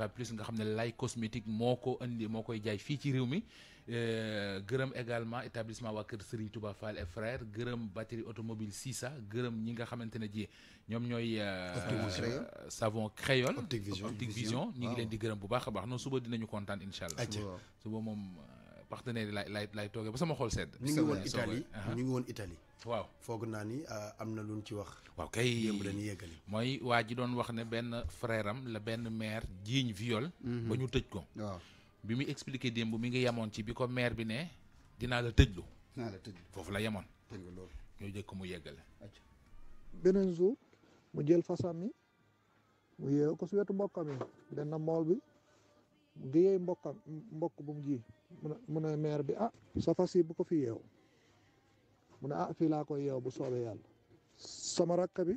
va plus nga xam ne lay cosmétique moo ko indi moo koy jaay fii ci réew mi euh, gërëm également établissement waa kër Serigne Touba Fall et frère gërëm batterie automobile Sisa gërëm ñi nga xamante ne ji ñoom ñooy euh, euh, savon créole optique vision ñi ngi leen di gërëm bu baax a baax noonu suba dinañu kontaan incha allah suba moom partenaire yi laay toogee ba sama xool sedd ñu ngi woon Italie waaw foog naa ni euh, am na luñ ci wax. waaw kay yëmb la ñu mooy waa ji doon wax ne benn frère la benn maire jiiñ viol. Mhm. ba ñu tëj ko. bi muy expliqué démb mi ngi yemoon ci bi ko maire bi ne dinaa la tëjlu. dinaa foofu la yemoon. tëj loolu ñoo jëkk mu yeggale. beneen jour mu jël fasam mi mu yeew ko si wetu mbokkam yi benn bi mu géyee mbokkam mbokk bu mu ji mu ne bi ah sa fas yi bu ko fi yeew. mu ne ah fii laa koy yeew bu soobee yàlla sama rakk bi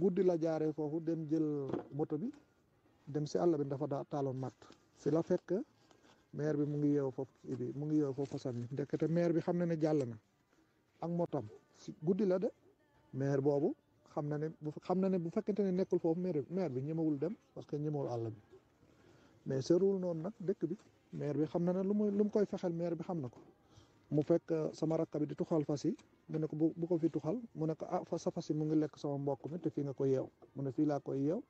guddi la jaaree foofu dem jël moto bi dem si àll bi ndafa daa taaloon matt si la fekk maire bi mu ngi yeew foofu bi mu ngi yeew foofu fasam maire bi xam na ne jàll na ak motam si guddi la de maire boobu xam na ne bu xam na ne bu fekkente ne nekkul foofu maire bi maire bi ñemewul dem parce que ñemewul àll bi mais sërul noonu nag dëkk bi maire bi xam na ne lu muy lu mu koy fexeel maire bi xam na ko. mu fekk sama bi di tuxal fas yi mu ne ko bu bu ko fi tuxal mu ne ko ah fa sa fas yi mu ngi lekk sama mbokk mi te fii nga ko yeew mu ne fii laa koy yeew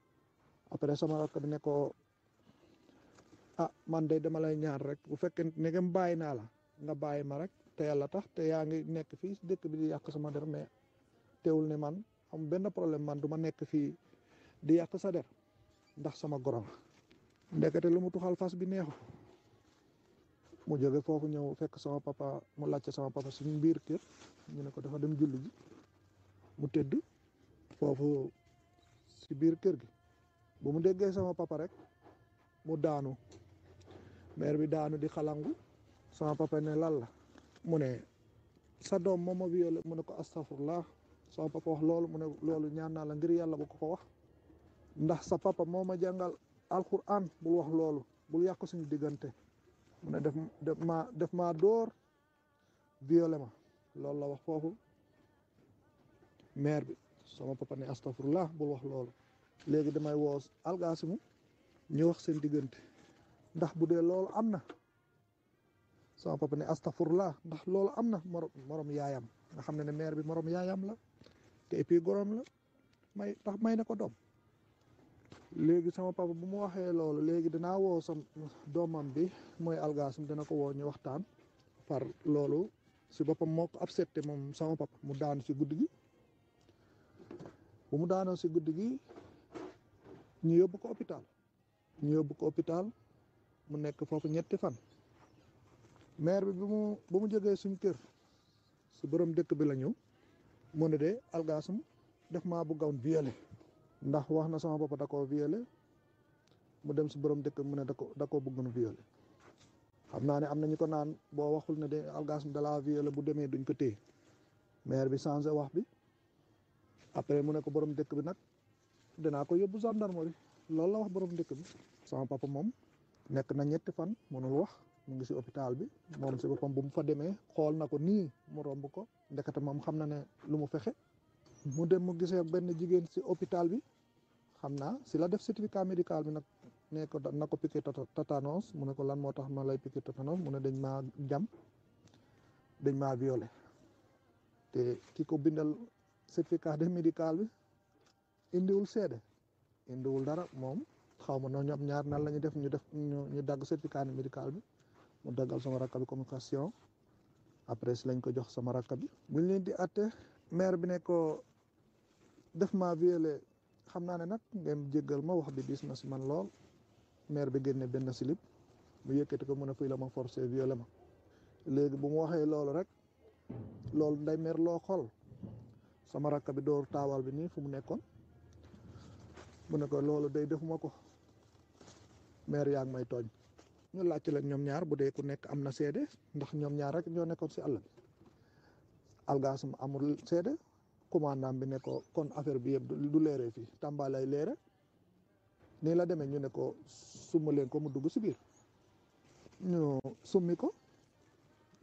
après sama rakk bi ne ko ah man de dama lay ñaar rek bu fekkee ne ngeen bàyyi naa la nga bàyyi ma rek te yàlla tax te yaa ngi nekk fii dëkk bi di yàq sama der mais teewul ne man am benn problème man du ma nekk fii di yàq sa der ndax sama gorong, la ndekete lu mu tuxal fas bi neexu mu jóge foofu ñëw fekk sama papa mu laajte sama papa suñu biir kër ñu ne ko dafa dem julli ji mu tëdd foofu si biir kër gi bu mu déggee sama papa rek mu daanu mère bi daanu di xalangu sama papa ne lan la mu ne sa doom moom violé mu ne ko sama papa wax loolu mu ne loolu ñaan naa la ngir yàlla bu ko ko wax ndax sa papa moo ma jàngal alquran bul wax loolu bul yàq suñu diggante mu ne def def maa def maa dóor violé ma loolu la wax foofu maire bi sama papa ne astafurlah bul wax loolu léegi damay woos algaasimu ñu wax seen diggante ndax bu dee loolu am na soo sama papa ne astafurlah ndax loolu am na morom morom yaayam nga xam ne ne maire bi morom yaayam la te et puis gorom la may tax may na ko doom Lagi sama papa bu ma waxee loolu léegi dinaa woo sam doomam bi mooy algasum dina ko woo ñu waxtaan par loolu si boppam moo ko accepté moom sama papa mu daanu si guddi gi bu mu daanoo si guddi gi ñu yóbbu ko hôpital ñu yóbbu ko hôpital mu nekk foofu ñetti fan maire bi bu mu bu mu kër su borom dëkk bi ne algasum def bu gawn violé ndax wax na sama papa da koo violé mu dem si borom dëkk mu ne da ko da koo bëggoon violé xam naa ne am na ñu ko naan boo waxul ne de algasm da laa violé bu duñ ko maire bi changé wax bi après mu ne ko borom dëkk bi nag dinaa ko gendarmerie la wax borom dëkk bi sama papa mom? nekk na ñetti fan mënul wax mu ngi hôpital bi mom si boppam bu mu fa demee xool na ko nii mu romb ko ndekete moom xam na ne lu mu mu dem mu gisee benn jigéen si hôpital bi xam sila la def certificat médical bi nak ne ko na ko piqué tétanos mu ne ko lan moo tax ma lay piqué tétanos mu ne dañ maa jam dañ ma violé te ki ko bindal certificat de médical bi indiwul seede indiwul dara moom xaw ma noonu ñoom ñaar nan la def ñu def ñu dagg certificat médical bi mu daggal sama rakk bi communication après lañ ko jox sama rakk bi buñ leen di atte maire bi ne ko def ma violé xam naa ne nag ngeen jéggal ma wax bi diis na si man lool maire bi génne benn slip mu yëkkati ko mën a fii la ma forcé violé ma léegi bu mu waxee loolu rek loolu nday mer loo xool sama rakk bi door taabal bi nii fu mu nekkoon mu ne loolu day defuma ko maire yaa ngi may tooñ ñu laajte leen ñoom ñaar bu dee ku nekk am na seede ndax ñoom ñaar rek ñoo nekkoon si àll bi algaasum amul seede commandant bi ne ko kon affaire bi yëpp du leeree fi Tamba lay leere nii la demee ñu ne ko summa leen ko mu dugg si biir ñu summi ko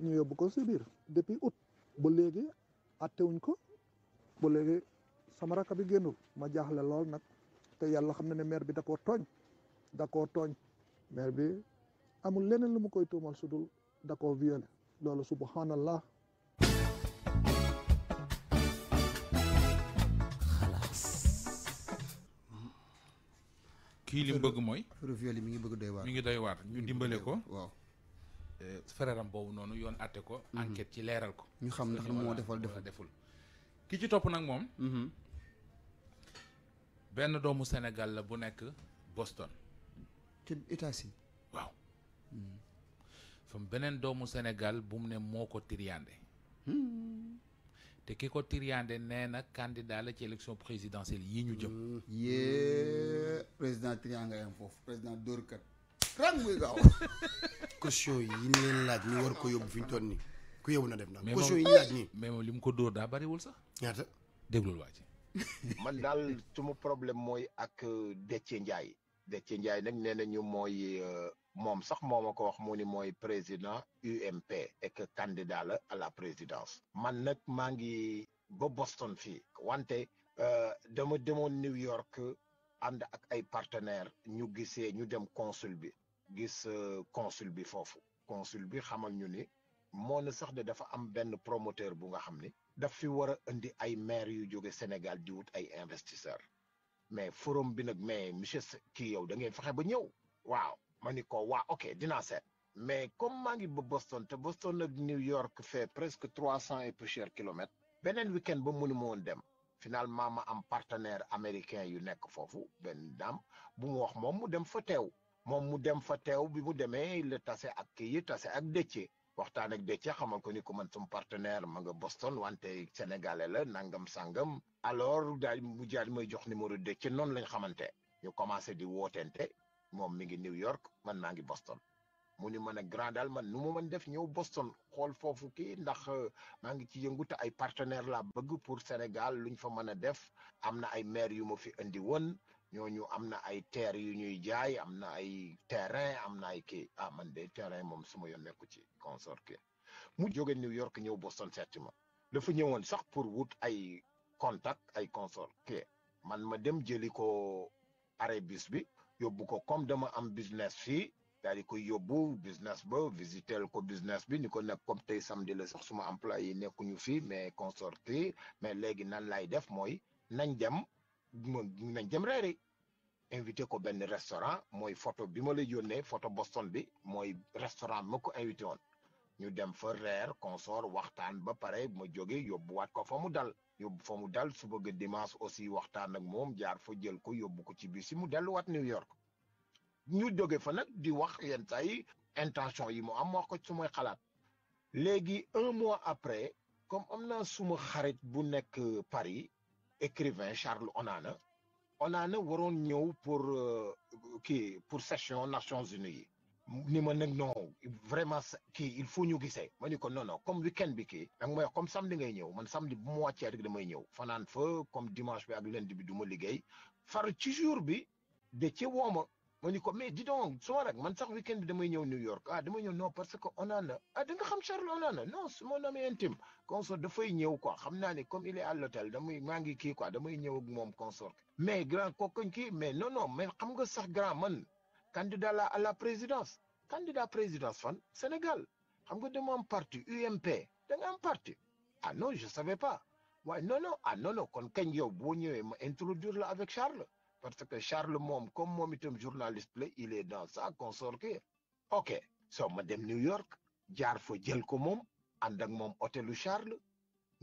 ñu yóbbu ko si biir depuis août ba léegi attewuñ ko ba léegi sama rakk bi génnul ma jaaxle lool nag te yàlla xam ne ne maire bi da koo tooñ da koo tooñ maire bi amul leneen lu mu koy tuumal su dul da koo loolu subhanallah kii li mu bëgg mooy. affaire viol yi ngi bëgg doy waar. mi ngi doy waar ñu dimbale ko. waaw. Eh, frère boobu noonu yoon àtte ko. Mhm. enquête ci leeral ko. ñu xam ndax moo defal deful ki ci topp nag moom. Mhm. benn doomu senegal la bu nekk Boston. ci États-Unis waaw. Mhm. fam beneen doomu senegal bu mu ne moo ko tiriyande. Hmm. te ki ko tiriande nee na candidat la ci élection présidentielle yi ñu jëm. Mm, yee président tiriande am foofu président dóorkat rang muy gaaw. question yi ñu leen laaj ñu war ko yóbbu fi ñu toll nii ku yóbbu na dem na question yi ñu laaj nii. mais moom li mu ko dóor daa bariwul sax. ñaata déglul waa man daal suma problème mooy ak euh, Déthié Ndiaye. Déthié Ndiaye nag nee nañu mooy euh, mom sax momako ma wax moni président UMP et que candidat à la présidence man nak mangi Boston fi wante euh, dama à New York and ak ay partenaires ñu ñu dem consul bi gis euh, consul bi consul bi de dafa am promoteur bu nga daf fi wara ay yu Sénégal di mais forum bi mais monsieur Kio, yow da ma wa, ko ok dina se mais comme mangi Boston te Boston ak New York fait presque 300 et plus cher kilomètres benen weekend end ba mënu ma dem finalement ma am partenaire américain yu nek fofu ben dame. bu mu wax mom mu dem fa tew mom mu dem fa tew bi mu demee le tase ak kii tase ak dëcce waxtaan ak dëcce xamal ko ni ko man sum partenaire ma nga Boston wanté sénégalais la nangam sangam alors da mu jaar may jox numéro dëcce non lañ xamanté ñu commencé di wotenté moom mi ngi New York man maa ngi Boston mu ni mën a grand daal man nu mu mën def ñëw Boston xool foofu kii ndax euh, maa ngi ci yëngu te ay partenaire la bëgg pour Sénégal luñ fa mën a def am na ay maire yu ma fi indi woon ñooñu am na ay ter yu ñuy jaay am na ay terrain am na ay kii ah man de terrain moom su ma yoon nekku ci consort ki mu jóge New York ñëw Boston seeti ma dafa ñëwoon sax pour wut ay contact ay consort ki man ma dem jëli ko arrêt bus bi yóbbu ko comme dama am business fii daal koy yóbbu business ba visitel ko business bi ni ko nekk comme tey samedi la sax suma employé yi nekkuñu fii mais consorté mais léegi nan lay def mooy nañ dem nañ dem reeri invité ko benn restaurant mooy photo bi ma lay yónnee photo Boston bi mooy restaurant ma ko invité woon ñu dem fa reer consort waxtaan ba pare ma jóge yóbbuwaat ko fa mu dal yóbbu fa mu dal su bëgg dimanche aussi waxtaan ak moom jaar fa jël ko yóbbu ko ci biir si mu delluwaat New York ñu jóge fa nag di wax yenn saa intention yi mu am wax ko sumay may xalaat léegi un mois après comme am naa suma xarit bu nekk Paris écrivain Charles Onana Onana waroon ñëw pour euh, kii pour session Nations Unies yi ni ma nag no vraiment kii il faut ñu gisee ma ni ko non non comme weekend bi kii da nga may comme samedi ngay ñëw man samedi bu mu wàccee rek damay ñëw fanaan fa comme dimanche bi ak lundi bi du ma liggéey far ci jour bi de ci wooma ma ni ko mais di donc suma rek man sax weekend bi damay ñëw New York ah damay ñëw non parce que Onana ah da nga xam Charles Onana non c'est mon ami intime consort dafay ñëw quoi xam naa ne comme il est à l'hôtel damay maa ngi kii quoi damay ñëw ak moom consort mais grand kookuñ kii mais non non mais xam nga sax grand man candidat la à la présidence candidat président Sénégal xam nga dama am parti UMP da nga parti ah non je savais pas Ouais, non non ah non non kon kañ yow introduire la avec Charles parce que Charles mom comme moom itam journaliste il est dans sa consorque ok sur madame New York jaar fo jël ko mom and ak Charles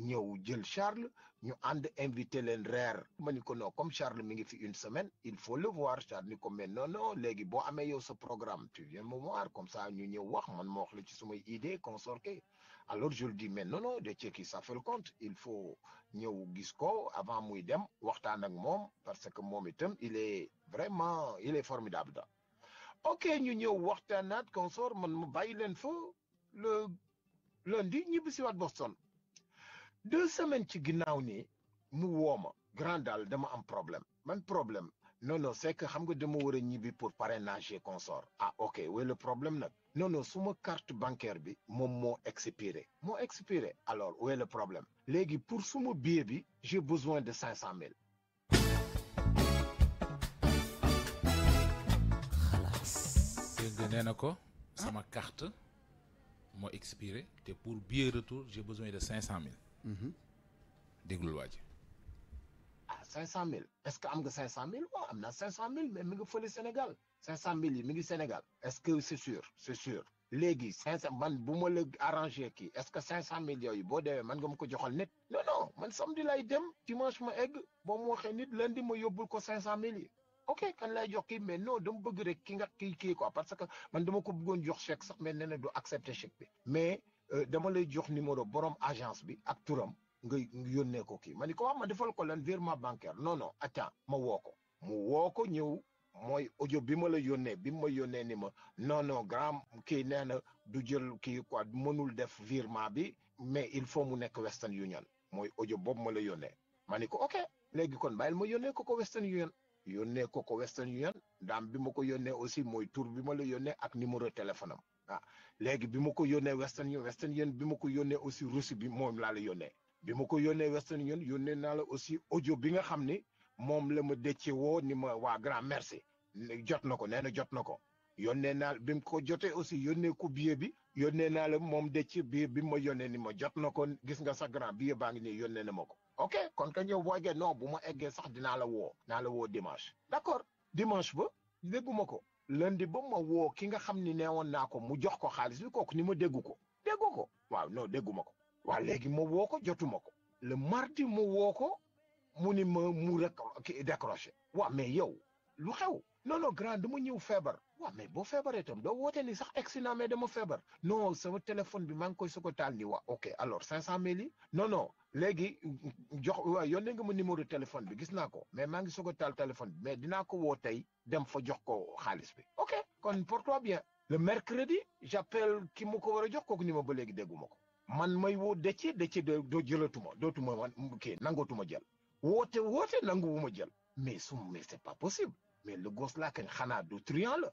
ñëw jël Charles ñu ànd invité leen reer ma ni ko non comme Charles mi ngi fi une semaine il faut le voir Charles ni ko mais non non léegi boo amee yow sa programme tu viens me voir comme ça ñu ñëw wax man ma wax la ci sumay idée consorqué alors je le dis mais non non de qui ça fait le compte il faut ñëw gis ko avant muy dem waxtaan ak moom parce que moom itam il est vraiment il est formidable da ok ñu ñëw waxtaanaat consort man mu bàyyi leen fa le lundi ñibbi siwaat Boston deux semaines ci ginnaw ni mu ma grand dal dama am problème man problème non non c'est que xam nga dama wara ñibi pour parrainager et consort ah ok est le problème nak non non suma carte bancaire bi mom mo expiré mo expiré alors où est le problème légui pour suma billet bi j'ai besoin de 500 000 mille xalaas ko sama carte mo expiré té pour billet retour j'ai besoin de 500 000 Mhm. déglul waa ah 500000 est-ce que am nga 500000 wa amna 500000 mais mi nga fële Sénégal 500000 mi ngi Sénégal est-ce que c'est sûr c'est sûr légui 500 man bon, ma la arrangé qui. est-ce que 500000 yooyu bo déwé man nga ma joxal net? non non man samedi lay dem dimanche ma egg Bon, moi waxee nit lundi ma yobul ko 500000 ok kan lay jox ki mais non dama bëgg rek ki nga kii quoi parce que man dama ko bëggoon jox chèque sax mais néna du accepter chèque bi mais. Euh, dama lay jox numéro borom agence bi ak turam nga yónnee ko kii ma ni ko wax ah, ma defal ko lan virement bancaire non non attends ma woo ko mu woo ko ñëw mooy audio bi ma la yónnee bi ma yónnee ni ma non non grand kii nee na du jël kii quoi mënul def virement bi mais il faut mu nekk Western Union mooy audio boobu ma la yónnee ma ni ko ok léegi kon bàyyil ma yónnee ko ko Western Union yónnee ko ko Western Union daam bi ma ko yónnee aussi mooy tur bi ma la yónnee ak numéro téléphone am Ah, Lèk, bi mokou yonè Weston yon, Weston yon, bi mokou yonè osi rousi bi mòm lalè yonè. Bi mokou yonè Weston yon, yonè nan lè osi ojo binè khamne, mòm lè mò detye wò ni mò wà gran mersè. Lè, djot nò kon, nenè djot nò kon. Yonè nan, bimko, djote osi yonè kou biye bi, yonè nan lè mòm detye bi, bi mò yonè ni mò. Djot nò kon, gis nga sa gran, biye bangne, yonè nan mò kon. Ok, kon kènyè wò gen nan, bou mò e gen sak di nan lè wò, nan lè lundi ba ma woo ki nga xam ni nee woon naa ko mu jox ko xaalis bi kooku ni ma déggu ko déggu ko waaw non déggu ma ko waa léegi ma woo ko jotuma ko le mardi mo woo ko mu ni ma mu rek décroché waaw mais yow lu xew non non grand dama ñëw feebar waaw mais boo feebaree tam do woote ni sax egsi naa mais dama feebar non sama téléphone bi mang koy soko a taal nii ok alors 500 yi non non léegi jox waaw nga ma numéro téléphone bi gis nako mais maa soko tal téléphone bi mais dinaa ko woo tey dem fa jox ko xaalis bi. ok kon pour toi bien. le mercredi j'appelle ki mu ko war jox ko ni ma ba léegi dégguma man may woo dëcc dëcc do jëlatuma dotuma man kii nangootuma jël. woté woote nanguwuma jël. mais su mais c'est pas possible. mais le gosse là ken xanaa do triant la.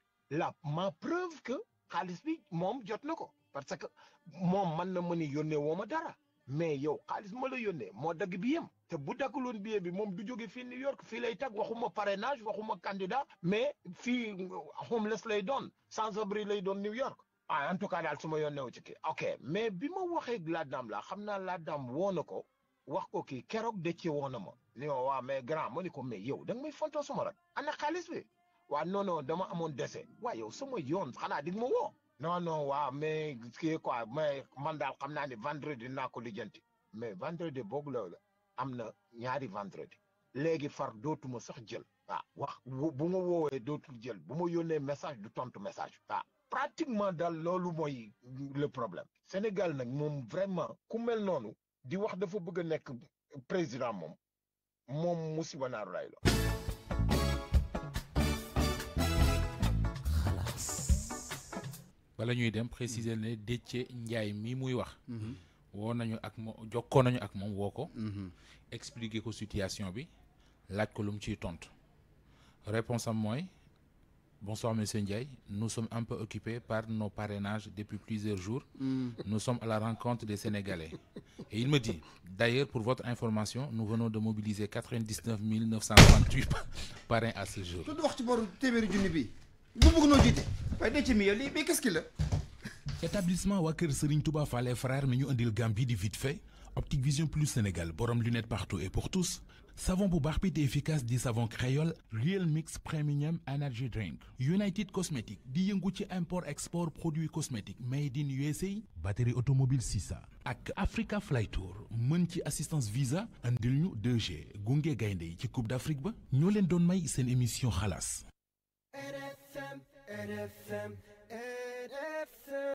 la ma preuve que xaalis bi mom jot parce que mon man na ma ni yónnee ma dara mais yow xaalis ma la yónnee mo dagg bi yam te bu dagguloon billet bi mom du joge fi New York fi lay tag waxuma parrainage waxuma candidat mais fi euh, homeless lay sans abri lay New York ah en tout cas dal suma ma ci ki ok mais bi ma waxe la dame la xamna la dame wonako wax ko ki kérok de ci wonama wa ni mais grand moni ko mais yow suma ana bi waa non non dama amoon dese waaye yow sama yoon xanaa di ma woo. non waa waaw mais kii quoi mais man daal xam naa ne vendredi naa ko lijjanti mais vendredi boobu la am na ñaari vendredi. léegi far dootuma sax jël. waaw ah, wax bu ma woowee dootul jël bu ma yónnee message du tontu message. waaw ah, pratiquement daal loolu mooy le problème. Sénégal nag moom vraiment ku mel noonu. di wax dafa bëgg a nekk président moom moom musiba naaru lay la bala ñuy préciser mi muy wax nañu ak expliquer ko situation bi laj ko ci réponse à moi Bonsoir, Monsieur Ndiaye. Nous sommes un peu occupés par nos parrainages depuis plusieurs jours. Nous sommes à la rencontre des Sénégalais. Et il me dit, d'ailleurs, pour votre information, nous venons de mobiliser 99 938 parrains à ce jour ci établissement waa kër Serigne Touba Fall frère mi ñu indil gam bi di vite fait Optique Vision Plus Sénégal borom lunettes partout et pour tous savon pour baax efficace di savon créole Real Mix Premium Energy Drink United Cosmetics di import export produits cosmétiques made in USA batterie automobile Sisa ak Africa Fly Tour ci assistance visa Andilnu 2G gunge Gaindei, ci Coupe d'Afrique ba ñoo donnons doon may seen émission xalaas NFM